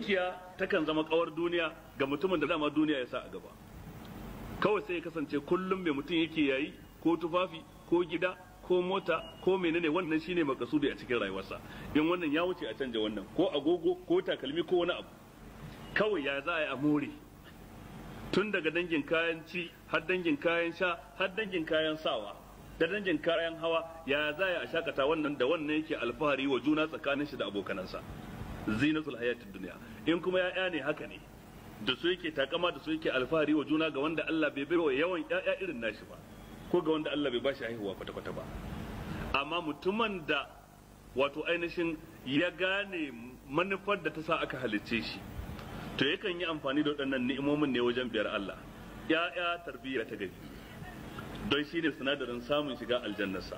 dukiya takan zama kawar duniya ga mutumin da dama duniya ya sa a gaba kawai sai ya kasance kullum mai mutum yake yayi ko tufafi ko gida ko mota ko menene wannan shine makasudi a cikin rayuwarsa in wannan ya wuce a canja wannan ko agogo ko takalmi ko wani abu kawai ya za a yi a more tun daga dangin kayan ci har dangin kayan sha har dangin kayan sawa da dangin kayan hawa ya za a shakata wannan da wannan yake alfahari wa juna tsakanin shi da abokanansa zinatul hayatid dunya in kuma ya'ya ne haka ne da su yake takama da su yake alfahari wa juna ga wanda Allah bai baiwa yawan ya'ya irin nashi ba ko ga wanda Allah bai bashi haihuwa kwata kwata ba amma mutumin da wato ainihin ya gane manufar da ta sa aka halicce shi to yakan yi amfani da waɗannan ni'imomin ne wajen biyar Allah ya'ya tarbiyya ta gari don ne sinadarin samun shiga aljannarsa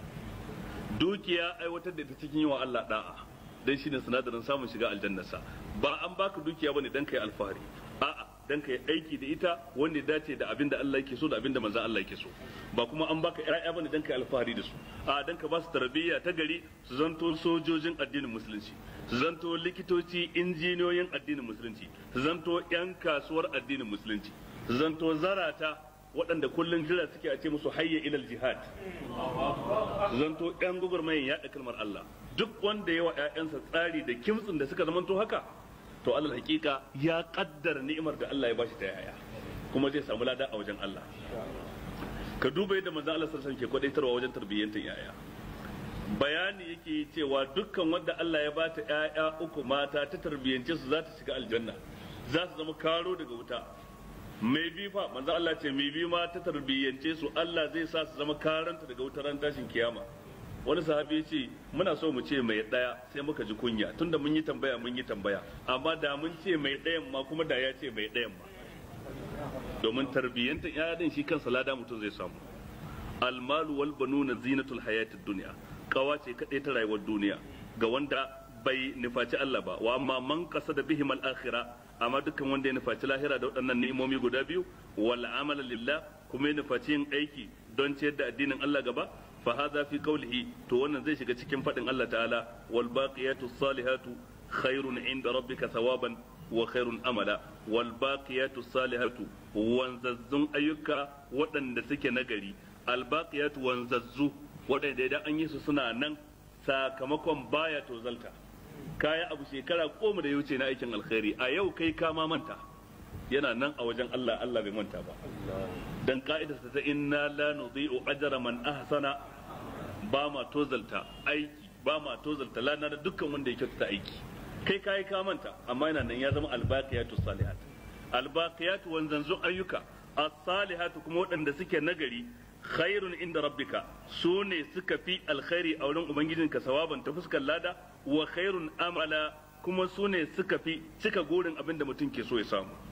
dukiya aiwatar da ita cikin yi wa Allah da'a dan shine sinadarin samun shiga aljannarsa ba an baka dukiya bane dan kai alfahari a'a dan kai aiki da ita wanda ya dace da abin da Allah yake so da abin da manzo Allah yake so ba kuma an baka ƴaƴa bane dan kai alfahari da su a dan ka ba su tarbiyya ta gari su zanto sojojin addinin musulunci su zanto likitoci injiniyoyin addinin musulunci su zanto yan kasuwar addinin musulunci su zanto zarata waɗanda kullum jira suke a ce musu hayya ilal jihad zanto yan gwagwarmayin yaɗa kalmar Allah duk wanda yawa 'ya'yansa tsari da kimtsin da suka zamanto haka to Allah hakika ya ƙaddar ni'imar da Allah ya bashi ta yaya kuma zai samu lada a wajen Allah ka duba yadda manzon Allah sallallahu ke wajen tarbiyyantar yaya bayani yake cewa dukkan wanda Allah ya ba ta 'ya'ya uku mata ta tarbiyyance su za ta shiga aljanna za su zama karo daga wuta mai bi fa manzo Allah ce mai bi ma ta tarbiyyance su Allah zai sa su zama karanta daga wutar ran tashin kiyama wani sahabi ya ce muna so mu ce mai ɗaya sai muka ji kunya tunda mun yi tambaya mun yi tambaya amma da mun ce mai dayan ma kuma da ya ce mai dayan ma domin tarbiyyantar yaran shi kansa lada mutum zai samu almalu wal banuna zinatul hayatid dunya kawa ce kadai ta rayuwar duniya ga wanda bai nufaci Allah ba wa amma man kasa da bihim al-akhira amma dukkan wanda ya nufaci lahira da waɗannan ni'imomi guda biyu wal amala lillah kuma ya nufaci yin aiki don ciyar da addinin Allah gaba fa hadha fi qawlihi to wannan zai shiga cikin fadin Allah ta'ala wal baqiyatu salihatu khairun inda rabbika thawaban wa khairun amala wal baqiyatu salihatu wanzazzun ayyuka waɗanda suke nagari al baqiyatu wanzazzu waɗanda idan an yi su suna nan sakamakon baya to tozalta kaya abu shekara goma da ya na aikin alkhairi a yau kai kama manta yana nan a wajen Allah Allah bai manta ba dan ka'idar ta inna la nudhi'u ajra man ahsana ba ma tozalta aiki ba ma tozalta lana da dukkan wanda ya kyautata aiki kai kai ka manta amma yana nan ya zama albaqiyatu salihat albaqiyatu wanzanzu ayyuka as-salihatu kuma waɗanda suke nagari khairun inda rabbika su ne suka fi alkhairi a wurin ubangijinka sawaban ta fuskar lada wa khairun amala kuma su ne suka fi cika gurin abin da mutum ke so ya samu